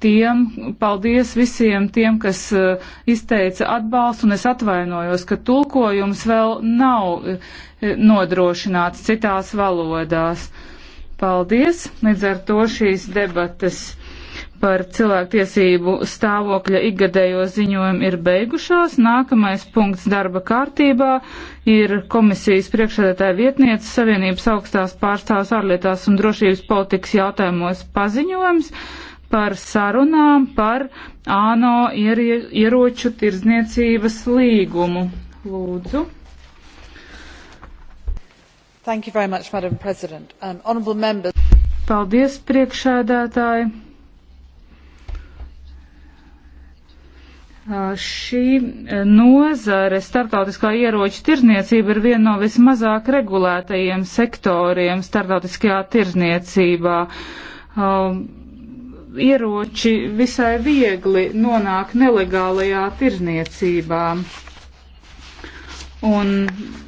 tiem, paldies visiem tiem, kas uh, izteica atbalstu, un es atvainojos, ka tulkojums vēl nav uh, nodrošināts citās valodās. Paldies! Līdz ar to šīs debates par cilvēktiesību stāvokļa ikgadējo ziņojumu ir beigušās. Nākamais punkts darba kārtībā ir komisijas priekšsēdētāja vietniece Savienības augstās pārstāvs ārlietās un drošības politikas jautājumos paziņojums par sarunām par ANO ieroču tirdzniecības līgumu. Lūdzu. Thank you very much, Madam President. Um, honorable members. Paldies, priekšēdētāji. Uh, šī nozare, starptautiskā ieroča tirzniecība, ir viena no vismazāk regulētajiem sektoriem starptautiskajā tirzniecībā. Um, ieroči visai viegli nonāk nelegālajā tirzniecībā. Un,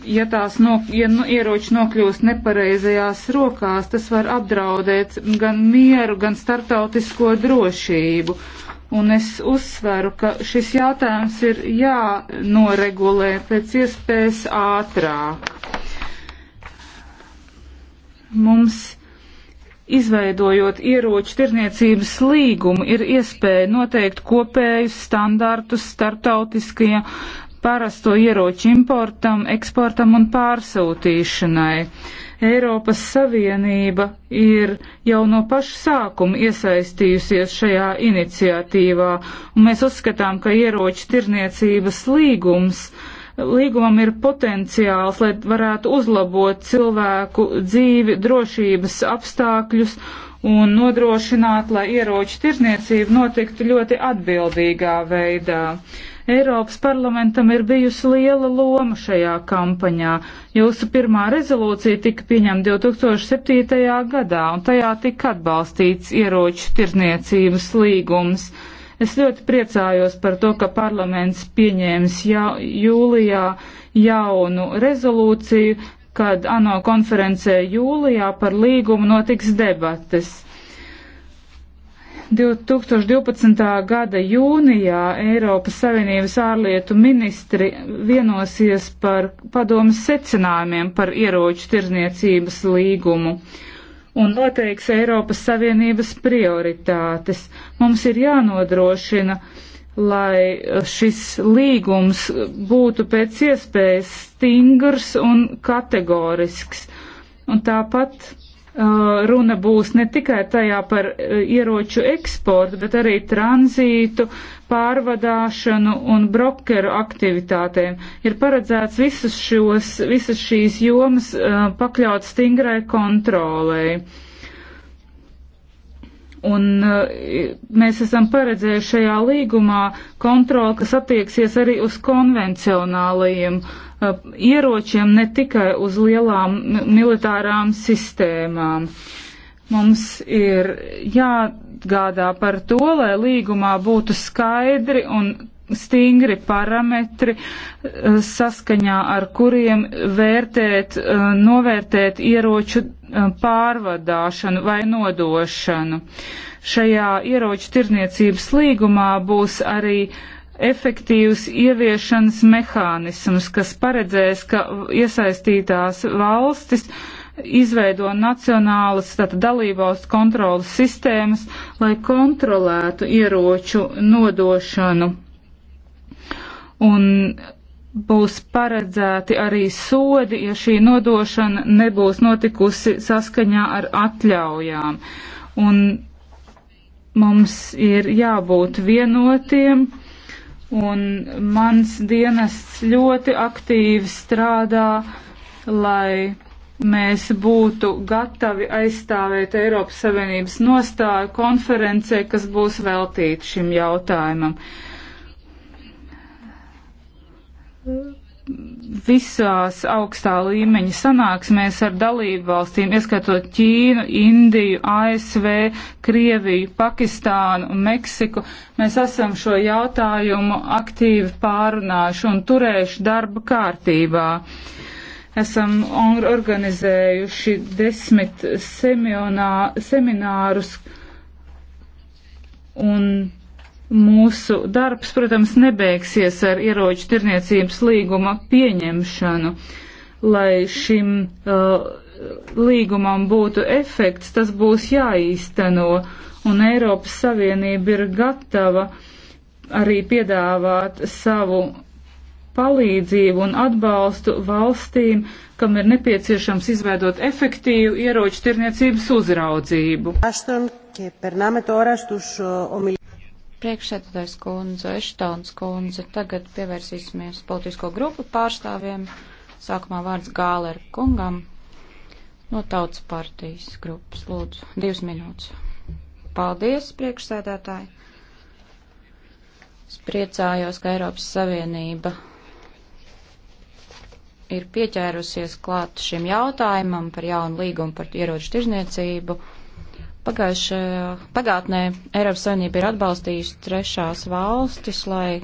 ja tās no, ja no, ieroči nokļūst nepareizajās rokās, tas var apdraudēt gan mieru, gan startautisko drošību. Un es uzsveru, ka šis jautājums ir jānoregulē pēc iespējas ātrāk. Mums Izveidojot ieroču tirniecības līgumu, ir iespēja noteikt kopējus standartus starptautiskajiem parasto ieroču importam, eksportam un pārsūtīšanai. Eiropas Savienība ir jau no paša sākuma iesaistījusies šajā iniciatīvā, un mēs uzskatām, ka ieroču tirniecības līgums uh, Līgumam ir potenciāls, lai varētu uzlabot cilvēku dzīvi, drošības apstākļus un nodrošināt, lai ieroču tirzniecība notiktu ļoti atbildīgā veidā. Eiropas parlamentam ir bijusi liela loma šajā kampaņā. Jūsu pirmā rezolūcija tika pieņemta 2007. gadā, un tajā tika atbalstīts ieroču tirzniecības līgums. Es ļoti priecājos par to, ka parlaments pieņēmis ja, jūlijā jaunu rezolūciju, kad ANO konferencē jūlijā par līgumu notiks debates. 2012. gada jūnijā Eiropas Savienības ārlietu ministri vienosies par padomas secinājumiem par ieroču tirzniecības līgumu. Uh, un noteiks Eiropas Savienības prioritātes. Mums ir jānodrošina, lai šis līgums būtu pēc iespējas stingrs un kategorisks. Un tāpat Uh, runa būs ne tikai tajā par uh, ieroču eksportu, bet arī tranzītu, pārvadāšanu un brokeru aktivitātēm. Ir paredzēts visas, šos, visas šīs jomas uh, pakļaut stingrai kontrolei. Un mēs esam paredzējuši šajā līgumā kontroli, kas attieksies arī uz konvencionālajiem uh, Eh, ieročiem, ne tikai uz lielām militārām sistēmām. Mums ir jāgādā par to, lai līgumā būtu skaidri un stingri parametri, eh, saskaņā ar kuriem vērtēt, eh, novērtēt ieroču pārvadāšanu vai nodošanu. Šajā ieroču tirniecības līgumā būs arī uh, efektīvs ieviešanas mehānisms, kas paredzēs, ka iesaistītās valstis izveido nacionālas tātad dalībvalstu kontrolas sistēmas, lai kontrolētu ieroču nodošanu. Un būs paredzēti arī sodi, ja šī nodošana nebūs notikusi saskaņā ar atļaujām. Un mums ir jābūt vienotiem un mans dienests ļoti aktīvi strādā, lai mēs būtu gatavi aizstāvēt Eiropas Savienības nostāju konferencē, kas būs veltīta šim jautājumam visās augstā līmeņa sanāksmēs ar dalību valstīm, ieskatot Ķīnu, Indiju, ASV, Krieviju, Pakistānu un Meksiku, mēs esam šo jautājumu aktīvi pārunājuši un turējuši darba kārtībā. Esam organizējuši desmit seminārus un Mūsu darbs, protams, nebeigsies ar ieroču tirniecības līguma pieņemšanu. Lai šim uh, līgumam būtu efekts, tas būs jāīsteno, un Eiropas Savienība ir gatava arī piedāvāt savu palīdzību un atbalstu valstīm, kam ir nepieciešams izveidot efektīvu ieroču tirniecības uzraudzību. Aston, Priekšsēdētājs kundze, Eštons kundze, tagad pievērsīsimies politisko grupu pārstāvjiem. Sākumā vārds Gāler kungam no Tautas partijas grupas. Lūdzu, divas minūtes. Paldies, priekšsēdētāji. Es priecājos, ka Eiropas Savienība ir pieķērusies klāt šim jautājumam par jaunu līgumu par ieroču tirzniecību Pagājušajā pagātnē Eiropas Savienība ir atbalstījusi trešās valstis, lai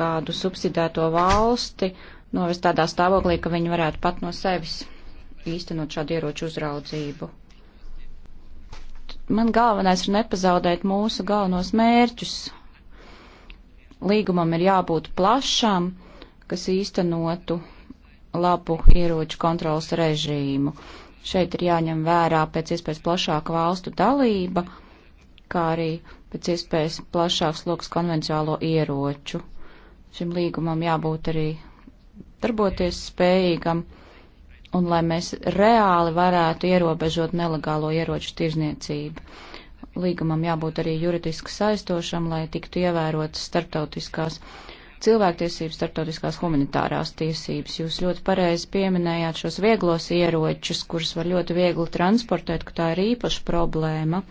kādu subsidēto valsti novest tādā stāvoklī, ka viņi varētu pat no sevis īstenot šādu ieroču uzraudzību. Man galvenais ir nepazaudēt mūsu galvenos mērķus. Līgumam ir jābūt plašam, kas īstenotu labu ieroču kontrolas režīmu Šeit ir jāņem vērā pēc iespējas plašāka valstu dalība, kā arī pēc iespējas plašāks loks konvencionālo ieroču. Šim līgumam jābūt arī darboties spējīgam, un lai mēs reāli varētu ierobežot nelegālo ieroču tirzniecību. Līgumam jābūt arī juridiski saistošam, lai tiktu ievērotas starptautiskās uh, cilvēktiesības, starptautiskās humanitārās tiesības. Jūs ļoti pareizi pieminējāt šos vieglos ieročus, kurus var ļoti viegli transportēt, ka tā ir īpaša problēma.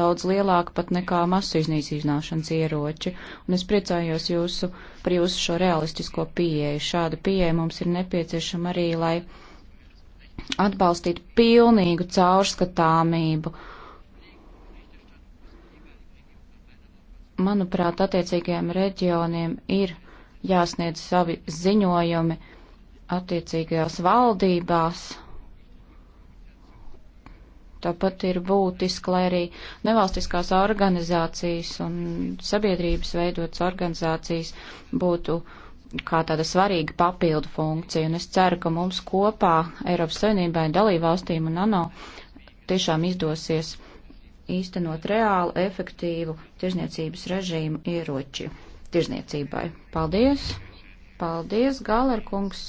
Daudz lielāka pat nekā masu iznīcināšanas ieroči. Un es priecājos jūsu par jūsu šo realistisko pieeju. Šāda pieeja mums ir nepieciešama arī, lai atbalstītu pilnīgu caurskatāmību manuprāt, attiecīgajiem reģioniem ir jāsniedz savi ziņojumi attiecīgajās valdībās. Tāpat ir būtiski, lai arī nevalstiskās organizācijas un sabiedrības veidotas organizācijas būtu kā tāda svarīga papildu funkcija. Un es ceru, ka mums kopā Eiropas Savienībai, dalībvalstīm un ANO tiešām izdosies uh, īstenot reālu, efektīvu tirzniecības režīmu ieroči tirzniecībai. Paldies! Paldies, Galerkungs!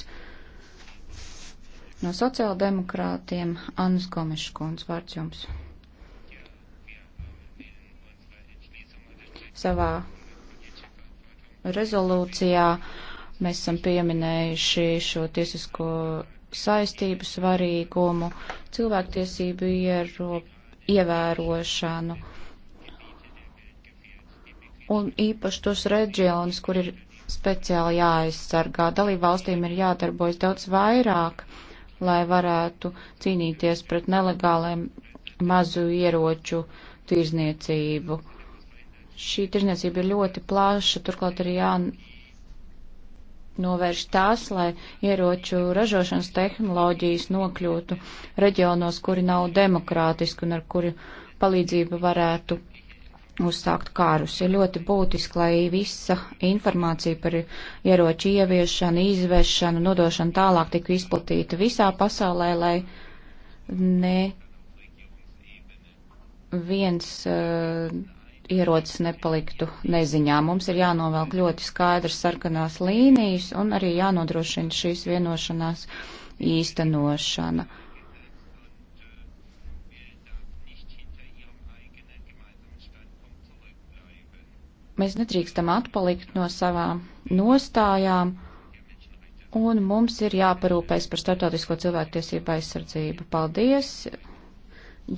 No sociāldemokrātiem Annas Gomeškunds vārds jums. Savā rezolūcijā mēs esam pieminējuši šo tiesisko saistību svarīgumu, cilvēktiesību ieropu ievērošanu. Un īpaši tos reģionus, kur ir speciāli jāaizsargā, dalībvalstīm ir jādarbojas daudz vairāk, lai varētu cīnīties pret nelegāliem mazu ieroču tirzniecību. Šī tirzniecība ir ļoti plaša, turklāt arī jā novērš tās, lai ieroču ražošanas tehnoloģijas nokļūtu reģionos, kuri nav demokrātiski un ar kuru palīdzību varētu uzsākt kārus. Ir ļoti būtiski, lai visa informācija par ieroču ieviešanu, izvešanu, nodošanu tālāk tik izplatīta visā pasaulē, lai ne viens uh, ierocis nepaliktu neziņā. Mums ir jānovelk ļoti skaidrs sarkanās līnijas un arī jānodrošina šīs vienošanās īstenošana. Mēs nedrīkstam atpalikt no savām nostājām, un mums ir jāparūpēs par starptautisko cilvēktiesību aizsardzību. Paldies!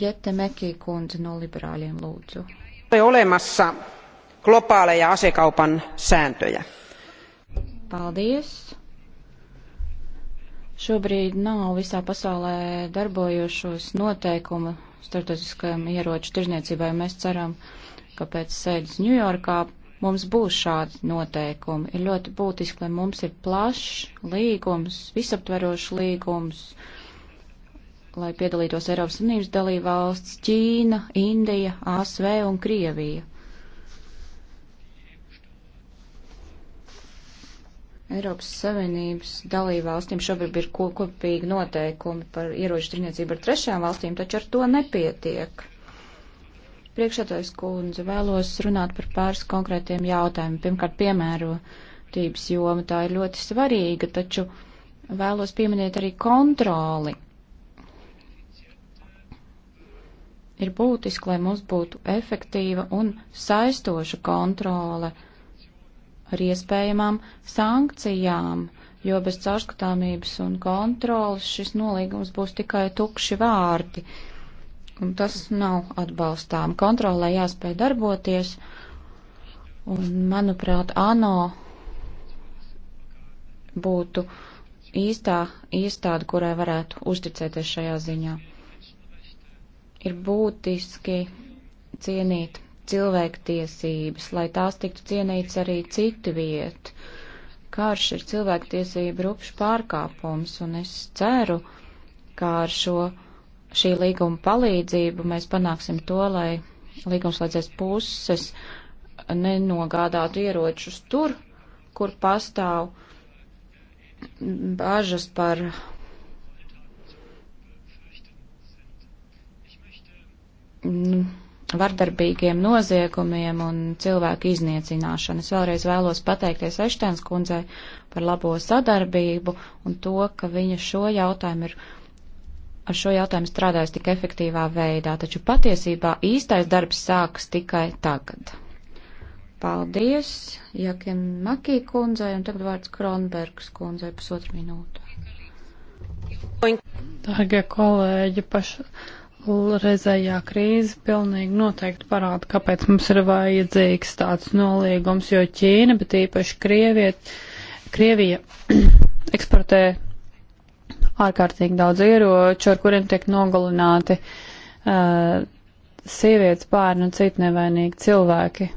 Jete Mekī kundze no liberāļiem lūdzu ole olemassa globaaleja asekaupan sääntöjä. Paldies. Šobrīd nav visā pasaulē darbojošos noteikumu starptautiskajam ieroču tirzniecībai. Mēs ceram, ka pēc sēdes Ņujorkā mums būs šādi noteikumi. Ir ļoti būtiski, lai mums ir plašs līgums, visaptverošs līgums, uh, lai piedalītos Eiropas Savienības dalībvalsts Ķīna, Indija, ASV un Krievija. Eiropas Savienības dalībvalstīm šobrīd ir kopīgi noteikumi par ieroču tirniecību ar trešām valstīm, taču ar to nepietiek. Priekšētājs kundze vēlos runāt par pāris konkrētiem jautājumiem. Pirmkārt, piemērotības joma tā ir ļoti svarīga, taču vēlos pieminēt arī kontroli. ir būtiski, lai mums būtu efektīva un saistoša kontrole ar iespējamām sankcijām, jo bez caurskatāmības un kontrolas šis nolīgums būs tikai tukši vārdi. Un tas nav atbalstām. Kontrolē jāspēj darboties, un, manuprāt, ANO būtu īstā iestāde, kurai varētu uzticēties šajā ziņā ir būtiski cienīt cilvēktiesības, lai tās tiktu cienītas arī citu vietu. Karš ir cilvēktiesība rupšs pārkāpums, un es ceru, ka ar šo šī līguma palīdzību mēs panāksim to, lai līgumslēdzēs puses nenogādātu ieročus tur, kur pastāv bažas par Nu, vardarbīgiem noziegumiem un cilvēku izniecināšanu. Es vēlreiz vēlos pateikties Eštēns kundzei par labo sadarbību un to, ka viņa šo jautājumu ir ar šo jautājumu strādājas tik efektīvā veidā, taču patiesībā īstais darbs sākas tikai tagad. Paldies, Jakim Makī kundzei, un tagad vārds Kronbergs kundzei pusotru minūtu. Dārgie kolēģi, paša reizējā krīze pilnīgi noteikti parāda, kāpēc mums ir vajadzīgs tāds nolīgums, jo Ķīna, bet īpaši Krieviet, Krievija eksportē ārkārtīgi daudz ieroču, ar kuriem tiek nogalināti uh, sievietes, bērni un citi nevainīgi cilvēki.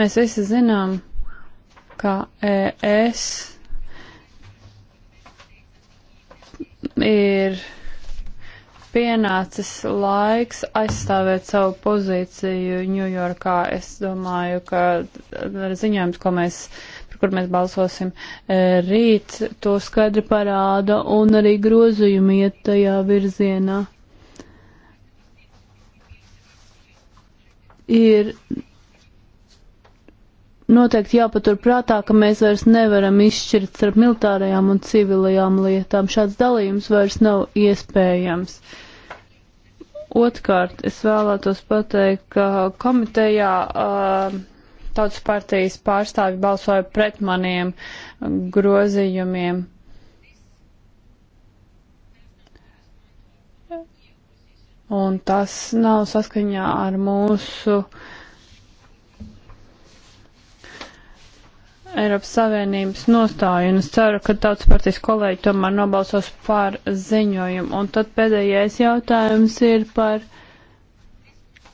Mēs visi zinām, ka ES ir pienācis laiks aizstāvēt savu pozīciju Ņujorkā. Es domāju, ka ziņojums, ko mēs kur mēs balsosim eh, rīt, to skaidri parāda un arī grozījumi iet tajā virzienā. Ir noteikti jāpatur prātā, ka mēs vairs nevaram izšķirt starp militārajām un civilajām lietām. Šāds dalījums vairs nav iespējams. Otkārt, es vēlētos pateikt, ka komitejā uh, tautas partijas pārstāvi balsoja pret maniem grozījumiem. Un tas nav saskaņā ar mūsu uh, Eiropas Savienības nostāju, un es ceru, ka tautas partijas kolēģi tomēr nobalsos par ziņojumu. Un tad pēdējais jautājums ir par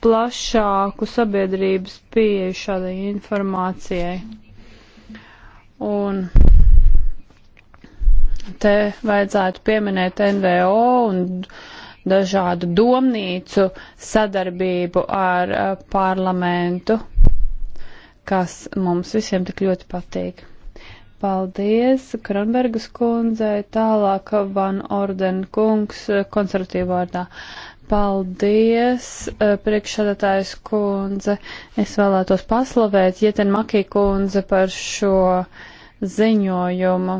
plašāku sabiedrības pieeju šādai informācijai. Un te vajadzētu pieminēt NVO un dažādu domnīcu sadarbību ar eh, parlamentu kas mums visiem tik ļoti patīk. Paldies Kronbergas kundzei, tālāk Van Orden kungs eh, konservatīvā vārdā. Paldies, eh, priekšsādātājs kundze. Es vēlētos paslavēt Jeten Makī kundze par šo ziņojumu.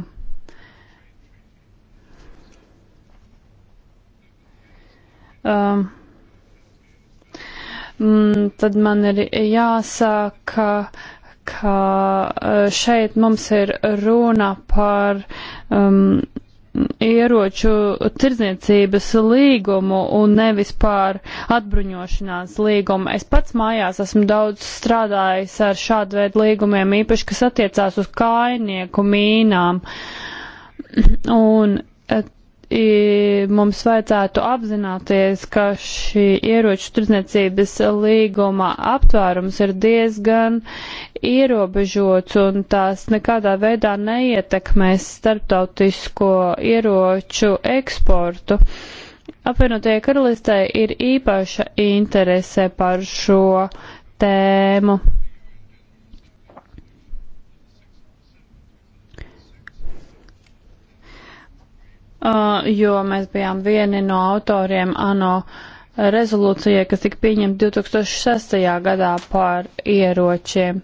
Um, mm, tad man ir jāsaka, ka e, šeit mums ir runa par um, ieroču tirdzniecības līgumu un nevis par atbruņošanās līgumu. Es pats mājās esmu daudz strādājis ar šādu veidu līgumiem, īpaši, kas attiecās uz kainieku mīnām. Un e, mums vajadzētu apzināties, ka šī ieroču tirdzniecības līguma aptvērums ir diezgan ierobežots un tās nekādā veidā neietekmēs starptautisko ieroču eksportu. Apvienotajai karalistē ir īpaša interese par šo tēmu. Uh, jo mēs bijām vieni no autoriem ANO rezolūcijai, kas tika pieņemta 2006. gadā par ieročiem.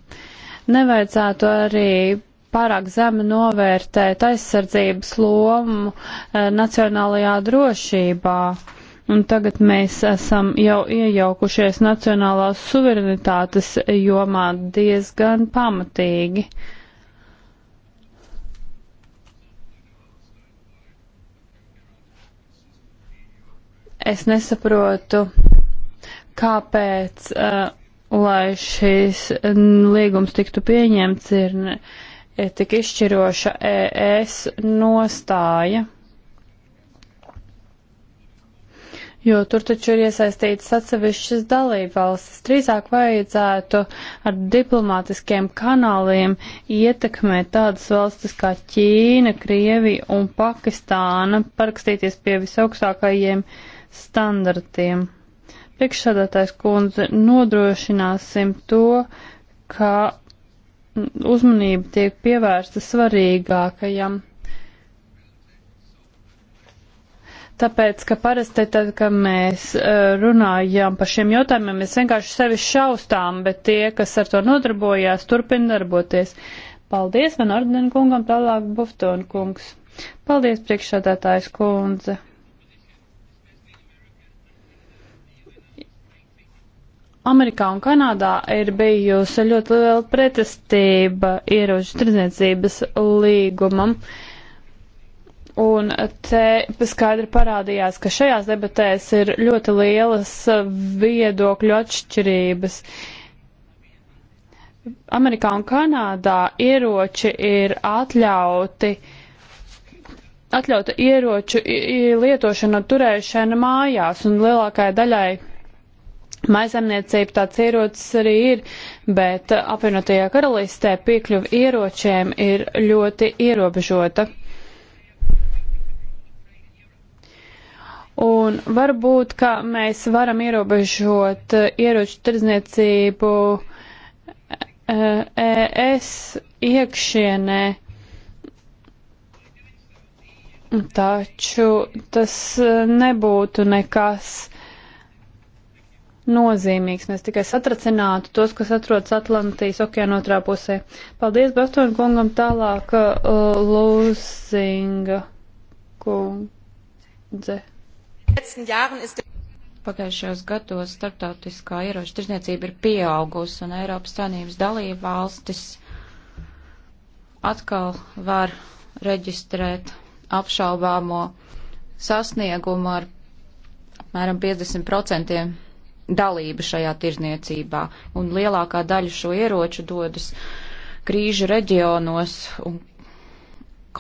Nevajadzētu arī pārāk zemi novērtēt aizsardzības lomu uh, nacionālajā drošībā. Un tagad mēs esam jau iejaukušies nacionālās suverenitātes jomā diezgan pamatīgi. Uh, Es nesaprotu, kāpēc, uh, lai šīs līgums tiktu pieņemts, ir, ne, ir tik izšķiroša ES nostāja. Jo tur taču ir iesaistītas atsevišķas dalībvalstis. Drīzāk vajadzētu ar diplomātiskiem kanāliem ietekmēt tādas valstis kā Ķīna, Krievija un Pakistāna, parakstīties pie visaugstākajiem uh, standartiem. Priekšsādātājs kundze nodrošināsim to, ka uzmanība tiek pievērsta svarīgākajam. Tāpēc, ka parasti tad, kad mēs eh, runājam par šiem jautājumiem, mēs vienkārši sevi šaustām, bet tie, kas ar to nodarbojās, turpina darboties. Paldies man ordeni kungam, tālāk Buftona kungs. Paldies priekšsādātājs kundze. Amerikā un Kanādā ir bijusi ļoti liela pretestība ieroču tirdzniecības līgumam. Un te skaidri parādījās, ka šajās debatēs ir ļoti lielas viedokļu atšķirības. Amerikā un Kanādā ieroči ir atļauti, atļauta ieroču lietošana un turēšana mājās, un lielākai daļai Maizemniecība tāds ierocis arī ir, bet apvienotajā karalistē piekļuva ieročiem ir ļoti ierobežota. Un varbūt, ka mēs varam ierobežot eh, ieroču tirdzniecību ES eh, e iekšienē, taču tas eh, nebūtu nekas. Uh, nozīmīgs. Mēs tikai satracinātu tos, kas atrodas Atlantijas okeāna otrā pusē. Paldies Bastonu kungam tālāk uh, Lūzinga kundze. Pagājušajos gados starptautiskā ieroča tirzniecība ir pieaugusi un Eiropas Savienības dalība valstis atkal var reģistrēt apšaubāmo sasniegumu ar apmēram 50% dalība šajā tirzniecībā, un lielākā daļa šo ieroču dodas krīžu reģionos un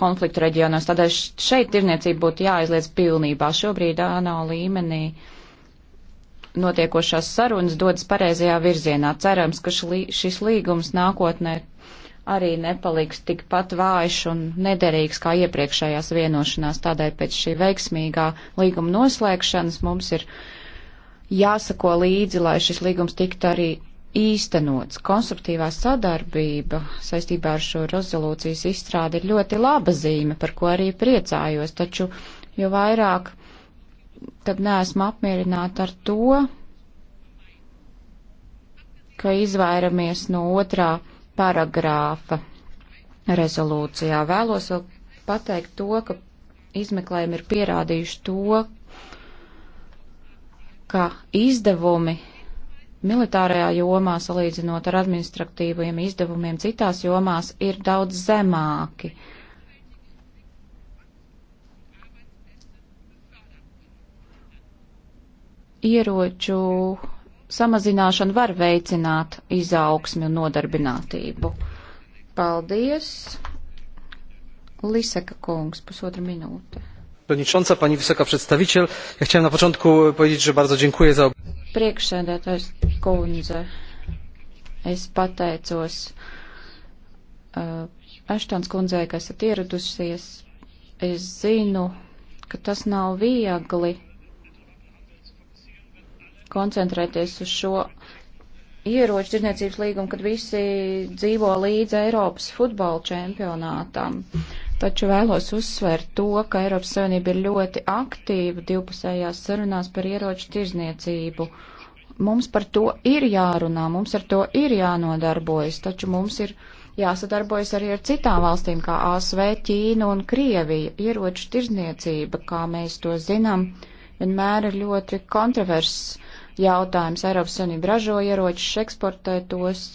konfliktu reģionos. Tādēļ šeit tirzniecība būtu jāizliedz pilnībā. Šobrīd ANO līmenī notiekošās sarunas dodas pareizajā virzienā. Cerams, ka šis līgums nākotnē arī nepaliks tikpat vājš un nederīgs kā iepriekšējās vienošanās. Tādēļ pēc šī veiksmīgā līguma noslēgšanas mums ir jāsako līdzi, lai šis līgums tiktu arī īstenots. Konstruktīvā sadarbība saistībā ar šo rezolūcijas izstrādi ir ļoti laba zīme, par ko arī priecājos, taču jo vairāk tad neesmu apmierināta ar to, ka izvairamies no otrā paragrāfa rezolūcijā. Vēlos vēl pateikt to, ka izmeklējumi ir pierādījuši to, ka izdevumi militārajā jomā salīdzinot ar administratīviem izdevumiem citās jomās ir daudz zemāki. Ieroču samazināšana var veicināt izaugsmi un nodarbinātību. Paldies! Liseka kungs, pusotra minūte. Predničonca, pani visoka predstaviteļ, ja chciałem na początku powiedzieć, že bardzo dziękuję za... Priekšsēdētājs kundze, es pateicos uh, Aštons kundzei, kas ir ieradusies. Es zinu, ka tas nav viegli koncentrēties uz šo ieroču tirniecības līgumu, kad visi dzīvo līdz Eiropas futbola čempionātam. Uh, taču vēlos uzsvērt to, ka Eiropas Savienība ir ļoti aktīva divpusējās sarunās par ieroču tirzniecību. Mums par to ir jārunā, mums ar to ir jānodarbojas, taču mums ir jāsadarbojas arī ar citām valstīm, kā ASV, Ķīna un Krievija. Ieroču tirzniecība, kā mēs to zinām, vienmēr ir ļoti kontroverss jautājums. Eiropas Savienība ražo ieročus, eksportē tos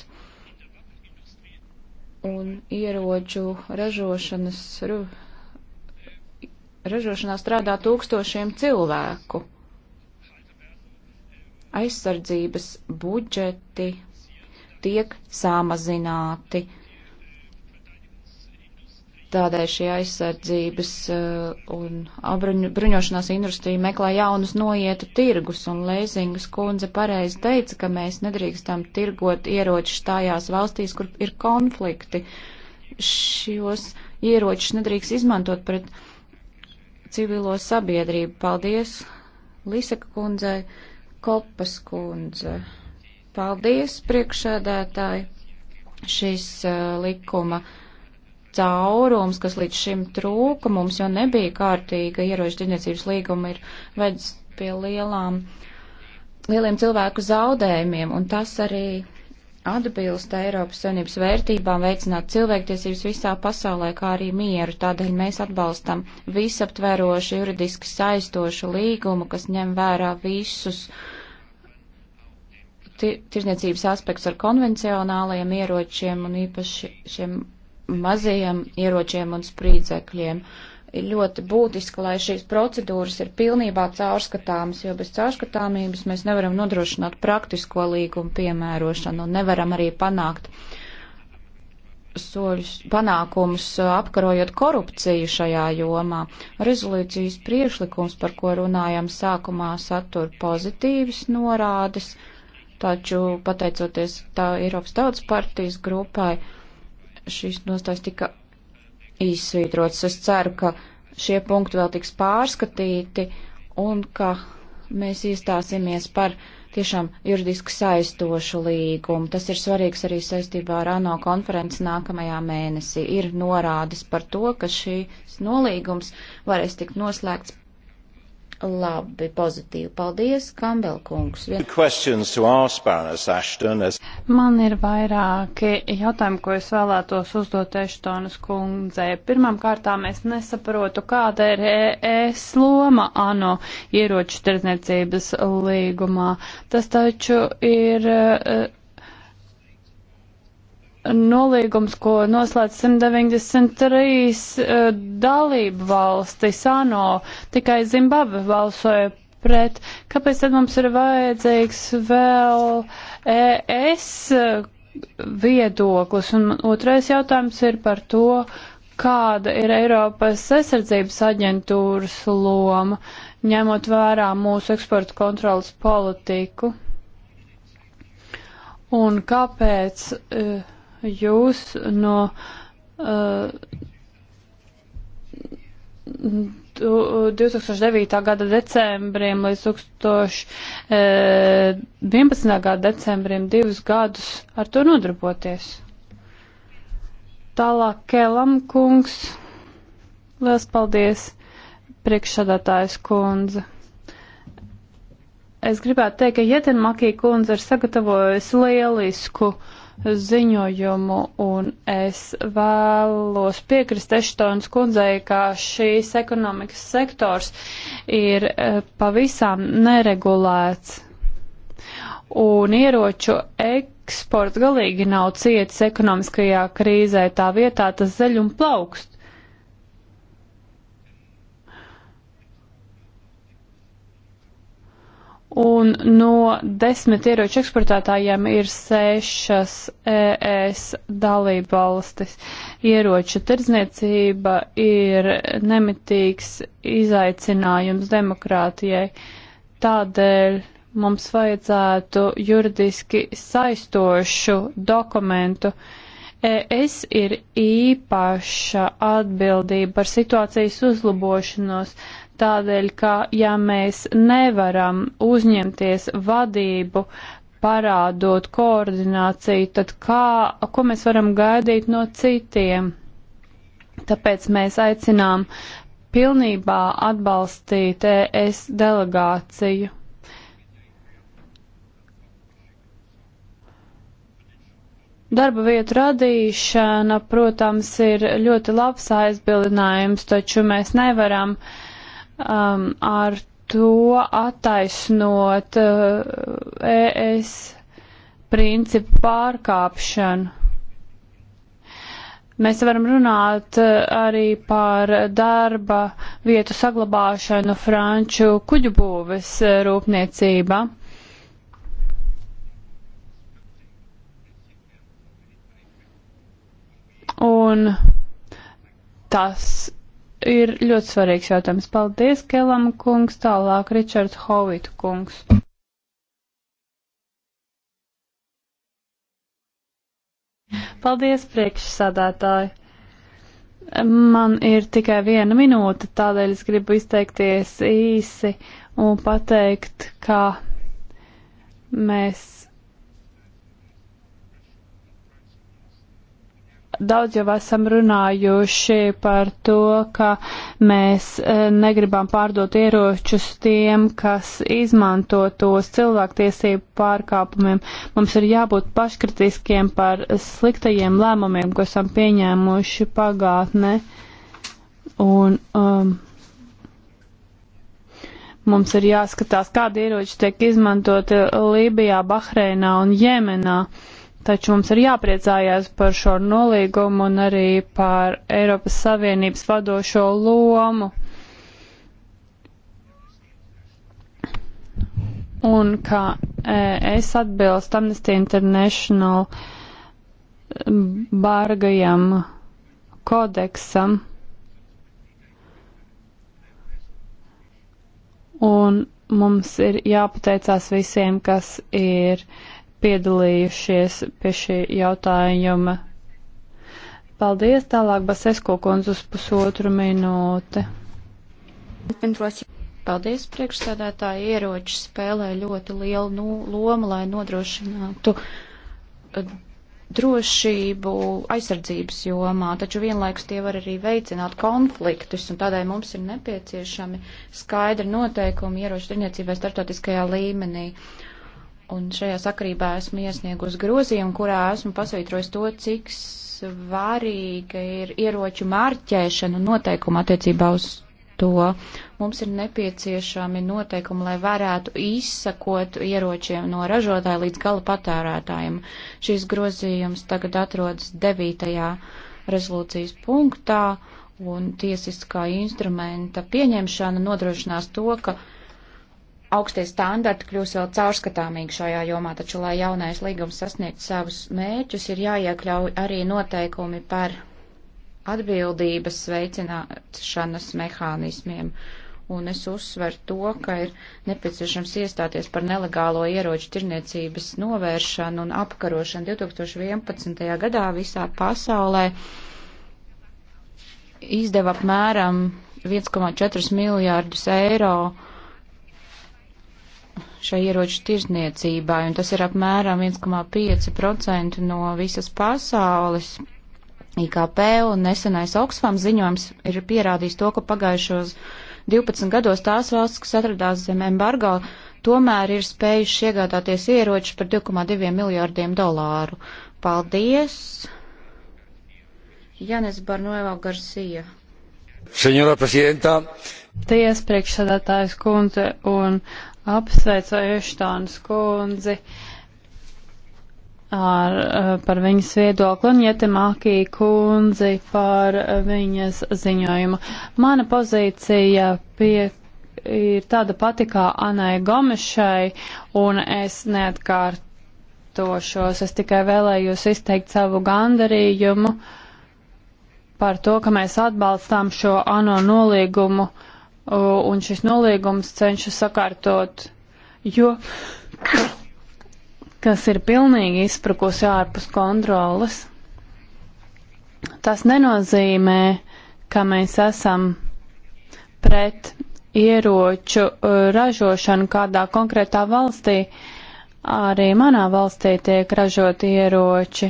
un ieroču ražošanas, ru, ražošanā strādā tūkstošiem cilvēku. Aizsardzības budžeti tiek samazināti Tādēļ šī aizsardzības eh, un bruņošanās industrija meklē jaunus noietu tirgus, un Lēzingas kundze pareizi teica, ka mēs nedrīkstam tirgot ieročus tajās valstīs, kur ir konflikti. Šos ieročus nedrīkst izmantot pret civilo sabiedrību. Paldies Liseka kundzei, Kopas kundze. Paldies priekšēdētāji šīs uh, eh, likuma caurums, kas līdz šim trūka, mums jau nebija kārtīga ieroču tirdzniecības līguma, ir vedis pie lielām, lieliem cilvēku zaudējumiem, un tas arī atbilst Eiropas Savienības vērtībām veicināt cilvēktiesības visā pasaulē, kā arī mieru. Tādēļ mēs atbalstam visaptverošu, juridiski saistošu līgumu, kas ņem vērā visus tirdzniecības aspektus ar konvencionālajiem ieročiem un īpaši šiem mazajiem ieročiem un sprīdzekļiem. Ir ļoti būtiski, lai šīs procedūras ir pilnībā caurskatāmas, jo bez caurskatāmības mēs nevaram nodrošināt praktisko līgumu piemērošanu un nevaram arī panākt soļus, panākumus uh, apkarojot korupciju šajā jomā. Rezolūcijas priekšlikums, par ko runājam sākumā, satur pozitīvas norādes, taču pateicoties tā Eiropas tautas partijas grupai, uh, šīs nostājas tika izsvītrotas. Es ceru, ka šie punkti vēl tiks pārskatīti un ka mēs iestāsimies par tiešām juridiski saistošu līgumu. Tas ir svarīgs arī saistībā ar ANO konferenci nākamajā mēnesī. Ir norādes par to, ka šīs nolīgums varēs tikt noslēgts Labi, pozitīvi. Paldies, Kambelkungs. Man ir vairāki jautājumi, ko es vēlētos uzdot Eštonas kundzei. Pirmām kārtām es nesaprotu, kāda ir ES loma ANO ieroču tirdzniecības līgumā. Tas taču ir. Uh, nolīgums, ko noslēdz 193 eh, dalību valstis ANO, tikai Zimbabve balsoja pret. Kāpēc tad mums ir vajadzīgs vēl ES viedoklis? Un otrais jautājums ir par to, kāda ir Eiropas aizsardzības aģentūras loma, ņemot vērā mūsu eksporta kontrolas politiku. Un kāpēc uh, jūs no uh, 2009. gada decembrim līdz 2011. gada decembrim divus gadus ar to nodarboties. Tālāk Kelam kungs. Liels paldies, priekšsādātājs kundze. Es gribētu teikt, ka Jetenmakī kundze ir sagatavojusi lielisku uh, ziņojumu, un es vēlos piekrist Eštons kundzei, ka šīs ekonomikas sektors ir e, pavisam neregulēts, un ieroču eksports galīgi nav cietis ekonomiskajā krīzē, tā vietā tas zeļ un plaukst. un no desmit ieroču eksportētājiem ir sešas ES dalībvalstis. Ieroču tirdzniecība ir nemitīgs izaicinājums demokrātijai. Tādēļ mums vajadzētu juridiski saistošu dokumentu, Es ir īpaša atbildība par situācijas uzlabošanos tādēļ, ka ja mēs nevaram uzņemties vadību, parādot koordināciju, tad kā, ko mēs varam gaidīt no citiem? Tāpēc mēs aicinām pilnībā atbalstīt ES delegāciju. Darba vietu radīšana, protams, ir ļoti labs aizbildinājums, taču mēs nevaram uh, um, ar to attaisnot uh, ES principu pārkāpšanu. Mēs varam runāt uh, arī par darba vietu saglabāšanu franču kuģubūves uh, rūpniecībā. Un tas ir ļoti svarīgs jautājums. Paldies, Kelam kungs, tālāk Ričards Hovita kungs. Paldies, priekšsādātāji. Man ir tikai viena minūte, tādēļ es gribu izteikties īsi un pateikt, ka mēs daudz jau esam runājuši par to, ka mēs e, negribam pārdot ieročus tiem, kas izmanto tos cilvēktiesību pārkāpumiem. Mums ir jābūt paškritiskiem par sliktajiem lēmumiem, ko esam pieņēmuši pagātnē. Un, um, mums ir jāskatās, kādi ieroči tiek izmantoti Lībijā, Bahreinā un Jemenā. Taču mums ir jāpriecājās par šo nolīgumu un arī par Eiropas Savienības vadošo lomu. Un kā e, es atbilstu Amnesty International bargajam kodeksam un mums ir jāpateicās visiem, kas ir uh, piedalījušies pie šī jautājuma. Paldies, tālāk Basesko kundze uz pusotru minūti. Paldies, priekšsēdētāji, ieroči spēlē ļoti lielu nu, lomu, lai nodrošinātu eh, drošību aizsardzības jomā, taču vienlaikus tie var arī veicināt konfliktus, un tādēļ mums ir nepieciešami skaidri noteikumi ieroču tirniecībai starptautiskajā līmenī. Uh, Un šajā sakarībā esmu iesniegus grozījumu, kurā esmu pasvītrojis to, cik svarīga ir ieroču mārķēšana un noteikuma attiecībā uz to. Mums ir nepieciešami noteikumi, lai varētu izsakot ieročiem no ražotāja līdz gala patērētājiem. Šīs grozījums tagad atrodas devītajā rezolūcijas punktā, un tiesiskā instrumenta pieņemšana nodrošinās to, ka augstie standarti kļūs vēl caurskatāmīgi šajā jomā, taču, lai jaunais līgums sasniegtu savus mērķus, ir jāiekļauj arī noteikumi par atbildības veicināšanas mehānismiem. Un es uzsveru to, ka ir nepieciešams iestāties par nelegālo ieroču tirniecības novēršanu un apkarošanu 2011. gadā visā pasaulē izdeva apmēram 1,4 miljārdus eiro šai ieroču tirzniecībai, un tas ir apmēram 1,5% no visas pasaules IKP, un nesenais Oxfam ziņojums ir pierādījis to, ka pagājušos 12 gados tās valsts, kas atradās zem embargo, tomēr ir spējuši iegādāties ieročus par 2,2 miljārdiem dolāru. Paldies! Janis Barnoeva Garcia. Senjora prezidenta. Ties priekšsēdētājs kundze un apsveicu Eštānas kundzi ar, eh, par viņas viedokli un Jetemākī kundzi par eh, viņas ziņojumu. Mana pozīcija pie, ir tāda pati kā Anai Gomešai, un es neatkārtošos, es tikai vēlējos izteikt savu gandarījumu. Uh, par to, ka mēs atbalstām šo ANO nolīgumu, un šis nolīgums cenšas sakārtot, jo, kas ir pilnīgi izprukusi ārpus kontrolas. Tas nenozīmē, ka mēs esam pret ieroču ražošanu kādā konkrētā valstī. Arī manā valstī tiek ražoti ieroči,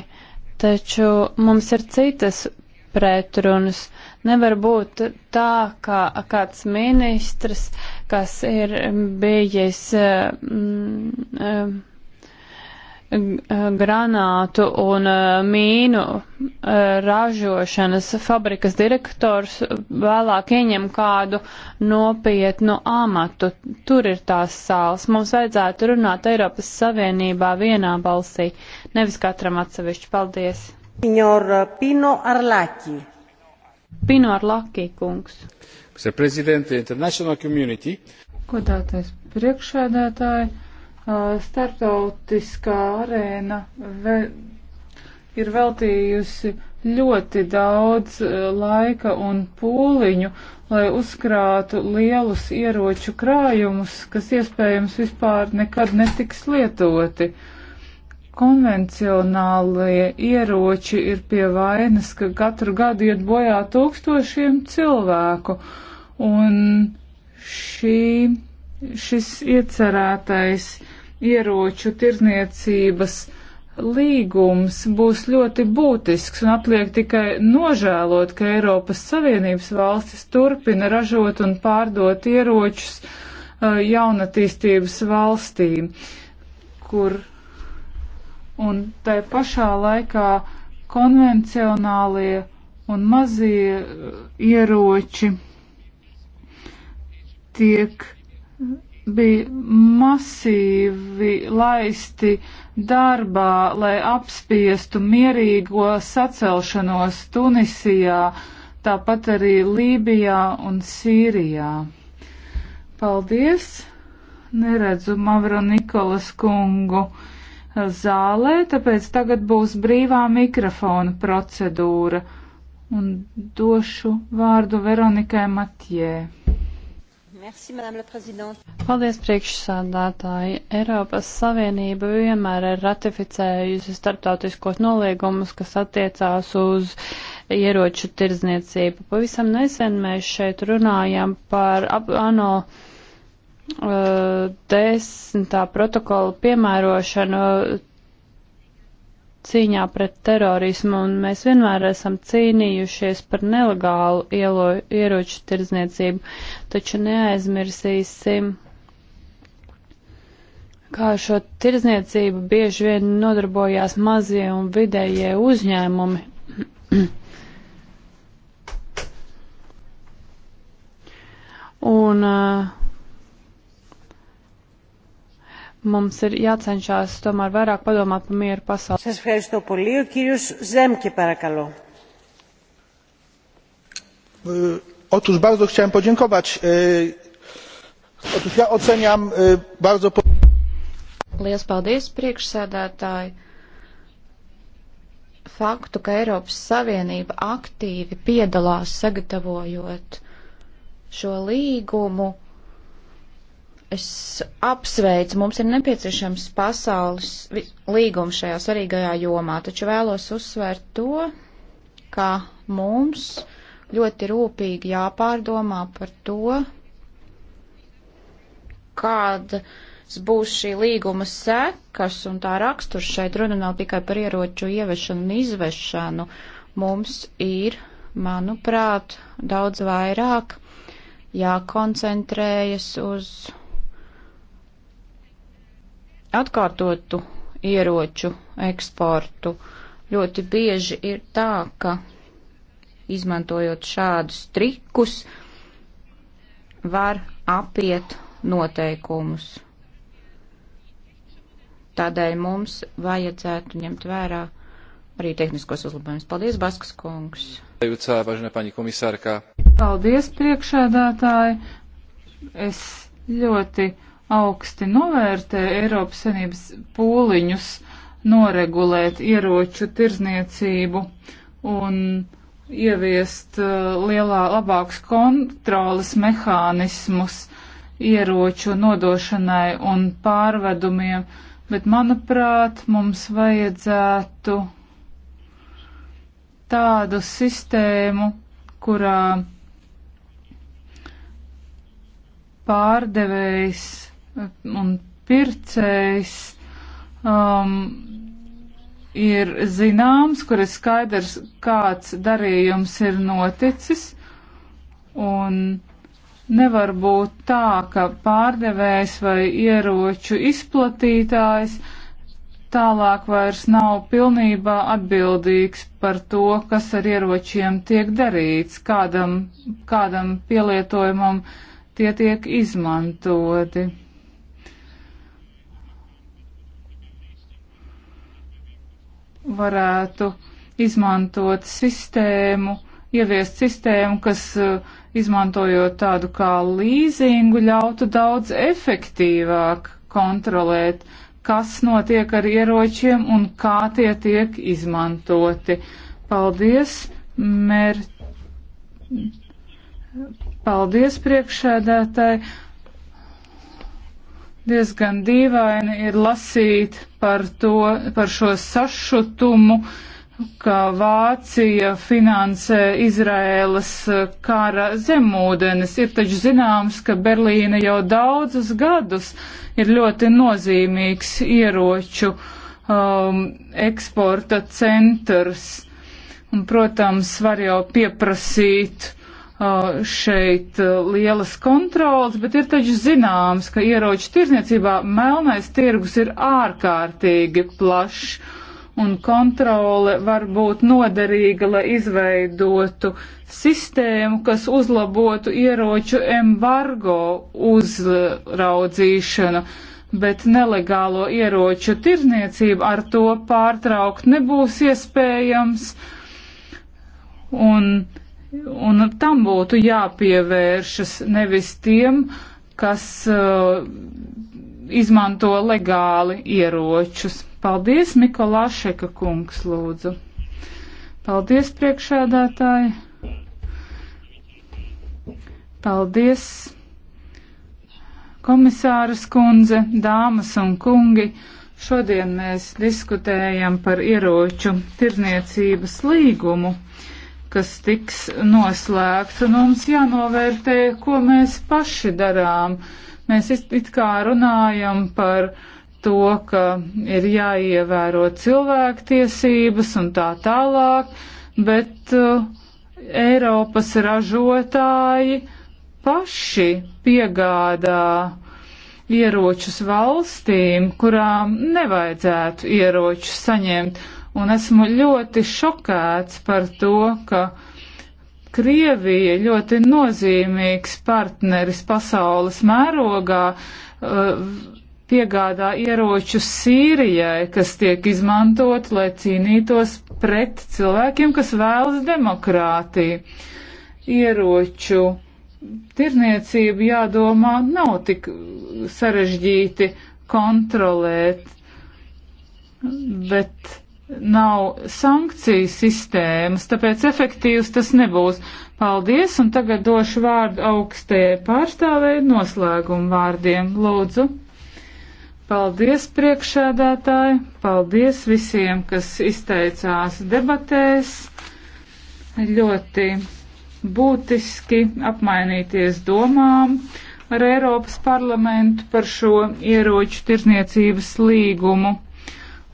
taču mums ir citas pretrunas. Nevar būt tā, ka kāds ministrs, kas ir bijis mm, mm, mm granātu un mm, mīnu ražošanas fabrikas direktors vēlāk ieņem kādu nopietnu amatu. Tur ir tās sāls. Mums vajadzētu runāt Eiropas Savienībā vienā balsī, nevis katram atsevišķi. Paldies! Signor Pino Arlaki. Pino Arlaki kungs. Mr. President, the international community. Godātais priekšēdētāji, starptautiskā arēna ve ir veltījusi ļoti daudz laika un pūliņu, lai uzkrātu lielus ieroču krājumus, kas iespējams vispār nekad netiks lietoti. Uh, konvencionālie ieroči ir pie vainas, ka katru gadu iet bojā tūkstošiem cilvēku. Un šī, šis iecerētais ieroču tirzniecības līgums būs ļoti būtisks un atliek tikai nožēlot, ka Eiropas Savienības valstis turpina ražot un pārdot ieročus uh, jaunatīstības valstīm, kur un tai pašā laikā konvencionālie un mazie eh, ieroči tiek bija masīvi laisti darbā, lai apspiestu mierīgo sacelšanos Tunisijā, tāpat arī Lībijā un Sīrijā. Paldies! Neredzu Mavro Nikolas kungu zālē, tāpēc tagad būs brīvā mikrofona procedūra. Un došu vārdu Veronikai Matjē. Merci, Paldies, priekšsādātāji. Eiropas Savienība vienmēr ir ratificējusi starptautiskos noliegumus, kas attiecās uz ieroču tirdzniecību. Pavisam nesen mēs šeit runājam par ANO. Ap, Eh, desmitā protokola piemērošanu cīņā pret terorismu, un mēs vienmēr esam cīnījušies par nelegālu ielo, ieroču tirdzniecību, taču neaizmirsīsim, kā šo tirdzniecību bieži vien nodarbojās mazie un vidējie uzņēmumi. un uh, mums ir jācenšas tomēr vairāk padomāt par mieru pasaulē. Σας ευχαριστώ πολύ. Ο κύριος Ζέμκε παρακαλώ. E, otóż bardzo chciałem podziękować. E, otóż ja oceniam e, bardzo. Lielas paldies, priekšsēdētāji. Faktu, ka Eiropas Savienība aktīvi piedalās sagatavojot šo līgumu es apsveicu, mums ir nepieciešams pasaules līgums šajā svarīgajā jomā, taču vēlos uzsvērt to, ka mums ļoti rūpīgi jāpārdomā par to, kādas būs šī līguma sekas un tā raksturs. Šeit runa nav tikai par ieroču ievešanu un izvešanu. Mums ir, manuprāt, daudz vairāk jākoncentrējas uz atkārtotu ieroču eksportu. Ļoti bieži ir tā, ka izmantojot šādus trikus, var apiet noteikumus. Tādēļ mums vajadzētu ņemt vērā arī tehniskos uzlabojumus. Paldies, Baskas kungs! Paldies, priekšēdētāji! Es ļoti augsti novērtē Eiropas Savienības pūliņus noregulēt ieroču tirzniecību un ieviest uh, lielā labāks kontrolas mehānismus ieroču nodošanai un pārvedumiem, bet manuprāt, mums vajadzētu tādu sistēmu, kurā pārdevējs un pircējs um, ir zināms, kur ir skaidrs, kāds darījums ir noticis, un nevar būt tā, ka pārdevējs vai ieroču izplatītājs tālāk vairs nav pilnībā atbildīgs par to, kas ar ieročiem tiek darīts, kādam, kādam pielietojumam tie tiek izmantoti. varētu izmantot sistēmu, ieviest sistēmu, kas eh, izmantojot tādu kā līzingu, ļautu daudz efektīvāk kontrolēt, kas notiek ar ieročiem un kā tie tiek izmantoti. Paldies, mēr... Paldies priekšēdētāji. Diezgan dīvaini ir lasīt par, to, par šo sašutumu, ka Vācija finansē Izraēlas eh, kara zemūdenes. Ir taču zināms, ka Berlīna jau daudzus gadus ir ļoti nozīmīgs ieroču um, eksporta centrs. Un, protams, var jau pieprasīt Uh, šeit uh, lielas kontrolas, bet ir taču zināms, ka ieroču tirzniecībā melnais tirgus ir ārkārtīgi plašs un kontrole var būt noderīga, lai izveidotu sistēmu, kas uzlabotu ieroču embargo uzraudzīšanu, bet nelegālo ieroču tirzniecību ar to pārtraukt nebūs iespējams. Un Un tam būtu jāpievēršas nevis tiem, kas uh, izmanto legāli ieročus. Paldies, Mikolāšeka kungs, lūdzu. Paldies, priekšēdētāji. Paldies, komisāras kundze, dāmas un kungi. Šodien mēs diskutējam par ieroču tirniecības līgumu kas tiks noslēgts, un mums jānovērtē, ko mēs paši darām. Mēs it kā runājam par to, ka ir jāievēro cilvēktiesības un tā tālāk, bet uh, Eiropas ražotāji paši piegādā ieročus valstīm, kurām nevajadzētu ieročus saņemt un esmu ļoti šokēts par to, ka Krievija ļoti nozīmīgs partneris pasaules mērogā uh, piegādā ieročus Sīrijai, kas tiek izmantot, lai cīnītos pret cilvēkiem, kas vēlas demokrātiju. Ieroču tirniecību jādomā nav tik sarežģīti kontrolēt, bet nav sankciju sistēmas, tāpēc efektīvs tas nebūs. Paldies, un tagad došu vārdu augstajai pārstāvēji noslēgumu vārdiem. Lūdzu. Paldies priekšēdētāji, paldies visiem, kas izteicās debatēs. Ļoti būtiski apmainīties domām ar Eiropas parlamentu par šo ieroču tirzniecības līgumu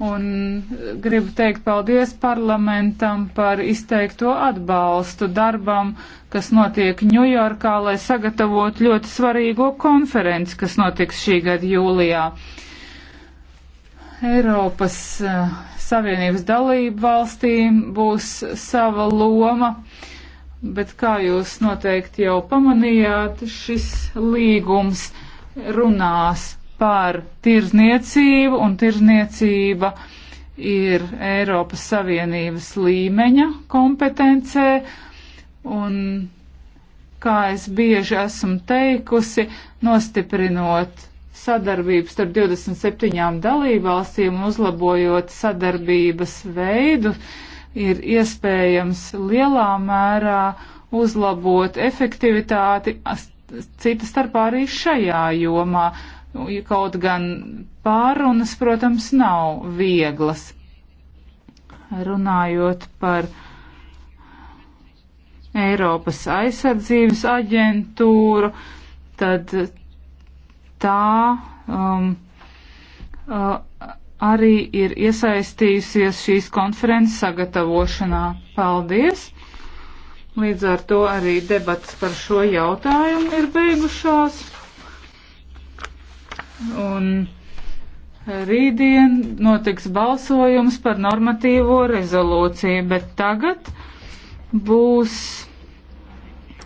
un eh, gribu teikt paldies parlamentam par izteikto atbalstu darbam, kas notiek Ņujorkā, lai sagatavotu ļoti svarīgo konferenci, kas notiks šī gada jūlijā. Eiropas eh, Savienības dalību valstīm būs sava loma, bet kā jūs noteikti jau pamanījāt, šis līgums runās par tirzniecību, un tirzniecība ir Eiropas Savienības līmeņa kompetencē, un, kā es bieži esmu teikusi, nostiprinot sadarbību starp 27 dalībvalstīm un uzlabojot sadarbības veidu, ir iespējams lielā mērā uzlabot efektivitāti cita starpā arī šajā jomā. Nu, kaut gan pārunas, protams, nav vieglas. Runājot par Eiropas aizsardzības aģentūru, tad tā um, uh, arī ir iesaistījusies šīs konferences sagatavošanā. Paldies! Līdz ar to arī debats par šo jautājumu ir beigušās un rītdien notiks balsojums par normatīvo rezolūciju, bet tagad būs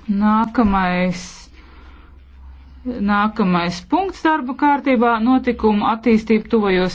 nākamais, nākamais punkts darba kārtībā - notikuma attīstība tuvajos